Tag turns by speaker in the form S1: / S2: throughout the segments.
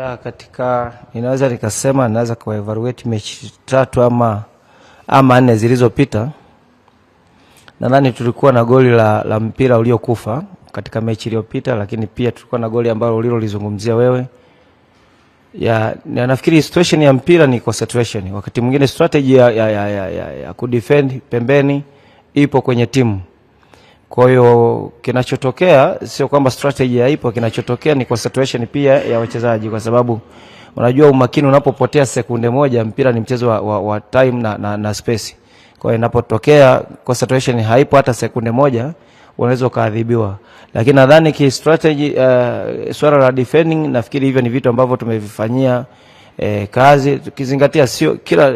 S1: Ah, katika inaweza nikasema naweza evaluate mechi tatu ama ama nne zilizopita. Nadhani tulikuwa na goli la, la mpira uliokufa katika mechi iliyopita, lakini pia tulikuwa na goli ambalo ulilolizungumzia wewe ya, na nafikiri situation ya mpira ni concentration. Wakati mwingine strategy ya, ya, ya, ya, ya, ya kudefend pembeni ipo kwenye timu. Kwa hiyo kinachotokea sio kwamba strategy haipo, kinachotokea ni kwa situation pia ya wachezaji, kwa sababu unajua umakini unapopotea sekunde moja, mpira ni mchezo wa, wa, wa time na, na, na space. Kwa hiyo inapotokea kwa situation haipo hata sekunde moja, unaweza ukaadhibiwa. Lakini nadhani ki strategy uh, swala la defending nafikiri hivyo ni vitu ambavyo tumevifanyia e, kazi tukizingatia sio kila e,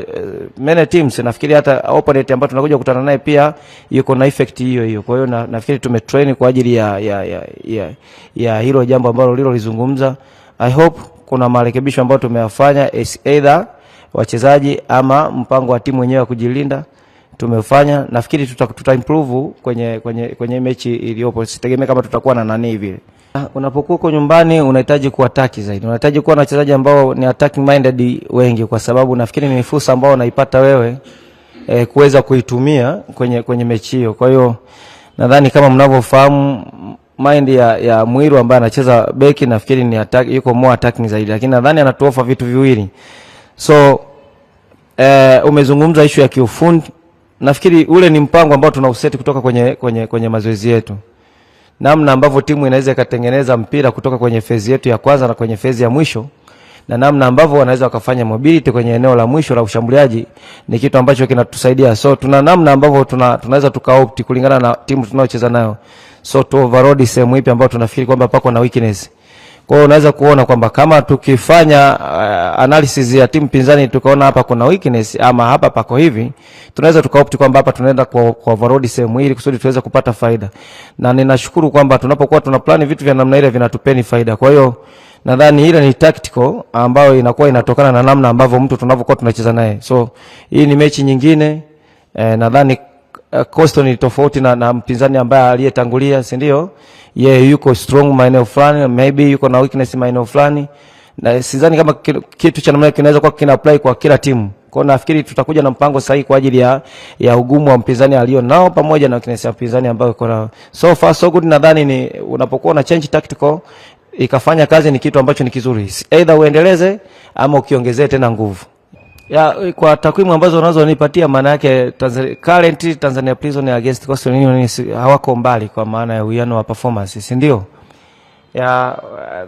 S1: many teams nafikiri hata opponent ambayo tunakuja kukutana naye pia yuko na effect hiyo hiyo. Kwa hiyo na, nafikiri tumetrain kwa ajili ya, ya, ya, ya, ya hilo jambo ambalo lilolizungumza. I hope kuna marekebisho ambayo tumeyafanya eh, either wachezaji ama mpango wa timu wenyewe wa kujilinda tumefanya. Nafikiri tuta, tuta improve kwenye, kwenye, kwenye mechi iliyopo. Sitegemee kama tutakuwa na nani hivi. Unapokuwa uko nyumbani unahitaji kuwa kuataki zaidi, unahitaji kuwa na wachezaji ambao ni attack minded wengi, kwa sababu nafikiri ni fursa ambao unaipata wewe e, kuweza kuitumia kwenye, kwenye mechi hiyo. Kwa hiyo nadhani kama mnavyofahamu mind ya, ya Mwiru ambaye anacheza beki nafikiri ni attack, yuko more attacking zaidi, lakini nadhani anatuofa vitu viwili. So e, umezungumza ishu ya kiufundi, nafikiri ule ni mpango ambao tunauseti kutoka kwenye, kwenye, kwenye mazoezi yetu namna ambavyo timu inaweza ikatengeneza mpira kutoka kwenye fezi yetu ya kwanza na kwenye fezi ya mwisho na namna ambavyo wanaweza wakafanya mobility kwenye eneo la mwisho la ushambuliaji ni kitu ambacho kinatusaidia. So tuna namna ambavyo tuna, tunaweza tukaopti kulingana na timu tunayocheza nayo. So tu overload sehemu ipi ambayo tunafikiri kwamba pako na weakness. Kwa hiyo unaweza kuona kwamba kama tukifanya uh, analysis ya timu pinzani tukaona hapa kuna weakness ama hapa pako hivi, tunaweza tukaopt kwamba hapa tunaenda kwa, kwa varodi sehemu hii kusudi tuweze kupata faida. Na ninashukuru kwamba tunapokuwa tuna plan vitu vya namna ile vinatupeni faida. Kwa hiyo nadhani ile ni tactical ambayo inakuwa inatokana na namna ambavyo mtu tunavyokuwa tunacheza naye. So hii ni mechi nyingine eh, nadhani Eh, Coastal ni tofauti na, na mpinzani ambaye aliyetangulia, si ndio? Yeye yuko strong maeneo fulani, maybe yuko na weakness maeneo fulani, na sidhani kama kitu cha namna kinaweza kuwa kina apply kwa kila timu. Kwa hiyo nafikiri tutakuja na mpango sahihi kwa ajili ya, ya ugumu wa mpinzani alio nao pamoja na weakness ya mpinzani ambayo yuko nao. So far so good, nadhani ni unapokuwa na change tactical ikafanya kazi, ni kitu ambacho ni kizuri, either uendeleze ama ukiongezee tena nguvu ya, kwa takwimu ambazo unazonipatia maana yake Tanzania, current Tanzania Prison against Coastal Union hawako mbali kwa maana ya uwiano wa performance, si ndio? Ya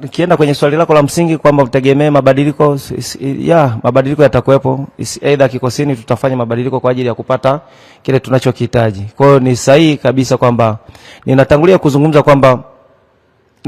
S1: nikienda kwenye swali lako la msingi kwamba utegemee mabadiliko ya mabadiliko yatakuwepo, aidha kikosini tutafanya mabadiliko kwa ajili ya kupata kile tunachokihitaji. Kwa hiyo ni sahihi kabisa kwamba ninatangulia kuzungumza kwamba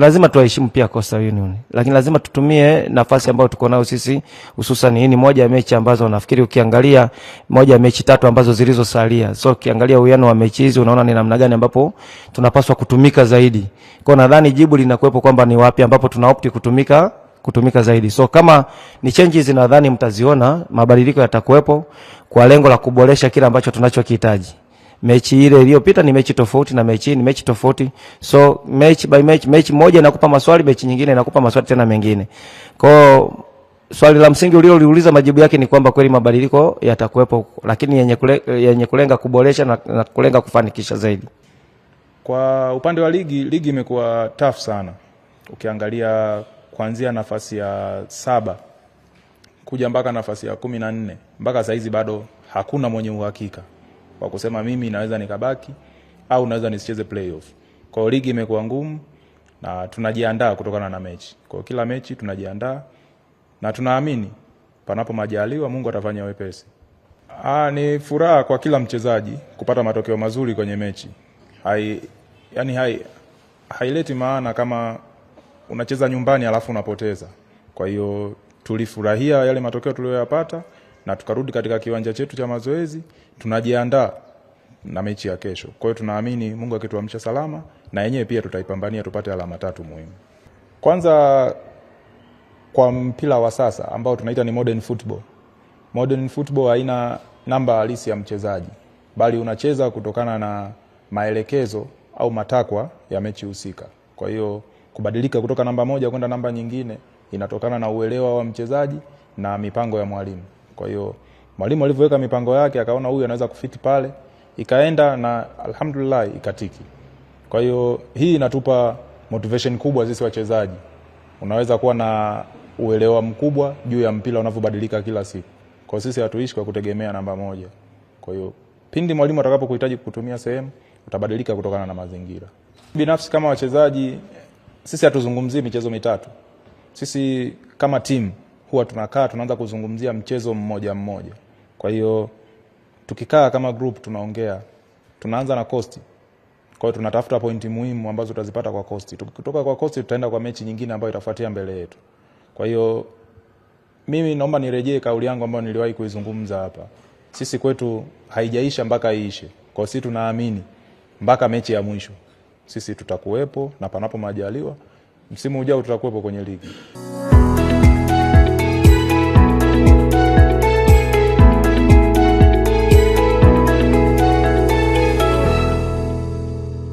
S1: lazima tuwaheshimu pia Coastal Union, lakini lazima tutumie nafasi ambayo tuko nayo sisi, hususan hii ni moja ya mechi ambazo nafikiri ukiangalia moja ya mechi tatu ambazo zilizosalia, so ukiangalia uwiano wa mechi hizi unaona ni namna gani ambapo tunapaswa kutumika zaidi. Kwa nadhani jibu linakuwepo kwamba ni wapi ambapo tuna opti kutumika kutumika zaidi. So kama ni changes nadhani mtaziona, mabadiliko yatakuwepo kwa lengo la kuboresha kile ambacho tunachokihitaji mechi ile iliyopita ni mechi tofauti na mechi ni mechi tofauti. So match by match, mechi moja inakupa maswali, mechi nyingine inakupa maswali tena mengine. Kwa swali la msingi ulioliuliza, majibu yake ni kwamba kweli mabadiliko yatakuwepo, lakini yenye kule, yenye kulenga kuboresha na, na kulenga kufanikisha zaidi.
S2: Kwa upande wa ligi, ligi imekuwa tough sana, ukiangalia kuanzia nafasi ya saba kuja mpaka nafasi ya kumi na nne mpaka saizi bado hakuna mwenye uhakika wa kusema mimi naweza nikabaki au naweza nisicheze playoff. Kwa hiyo ligi imekuwa ngumu na tunajiandaa kutokana na mechi. Kwa kila mechi tunajiandaa na tunaamini panapo majaliwa Mungu atafanya wepesi. Ah, ni furaha kwa kila mchezaji kupata matokeo mazuri kwenye mechi. Hai, yani hai, haileti maana kama unacheza nyumbani alafu unapoteza. Kwa hiyo tulifurahia yale matokeo tuliyoyapata na tukarudi katika kiwanja chetu cha mazoezi, tunajiandaa na mechi ya kesho. Kwa hiyo tunaamini Mungu akituamsha salama, na yenyewe pia tutaipambania tupate alama tatu muhimu. Kwanza kwa mpira wa sasa ambao tunaita ni modern football. Modern football haina namba halisi ya mchezaji, bali unacheza kutokana na maelekezo au matakwa ya mechi husika. Kwa hiyo kubadilika kutoka namba moja kwenda namba nyingine inatokana na uelewa wa mchezaji na mipango ya mwalimu. Kwa hiyo mwalimu alivyoweka mipango yake akaona huyu anaweza kufiti pale, ikaenda na alhamdulillah ikatiki. Kwa hiyo hii inatupa motivation kubwa sisi wachezaji, unaweza kuwa na uelewa mkubwa juu ya mpira unavyobadilika kila siku. Kwa sisi hatuishi kwa kutegemea namba moja. Kwa hiyo pindi mwalimu atakapokuhitaji kutumia sehemu utabadilika kutokana na mazingira. Binafsi kama wachezaji, sisi hatuzungumzii michezo mitatu. Sisi kama timu huwa tunakaa tunaanza kuzungumzia mchezo mmoja mmoja. Kwa hiyo tukikaa kama group tunaongea, tunaanza na kosti. Kwa hiyo tunatafuta pointi muhimu ambazo tutazipata kwa kosti. Tukitoka kwa kosti, tutaenda kwa mechi nyingine ambayo itafuatia mbele yetu. Kwa hiyo mimi naomba nirejee kauli yangu ambayo niliwahi kuizungumza hapa. Sisi kwetu haijaisha mpaka iishe. Kwa hiyo sisi tunaamini mpaka mechi ya mwisho sisi tutakuwepo, na panapo majaliwa, msimu ujao tutakuwepo kwenye ligi.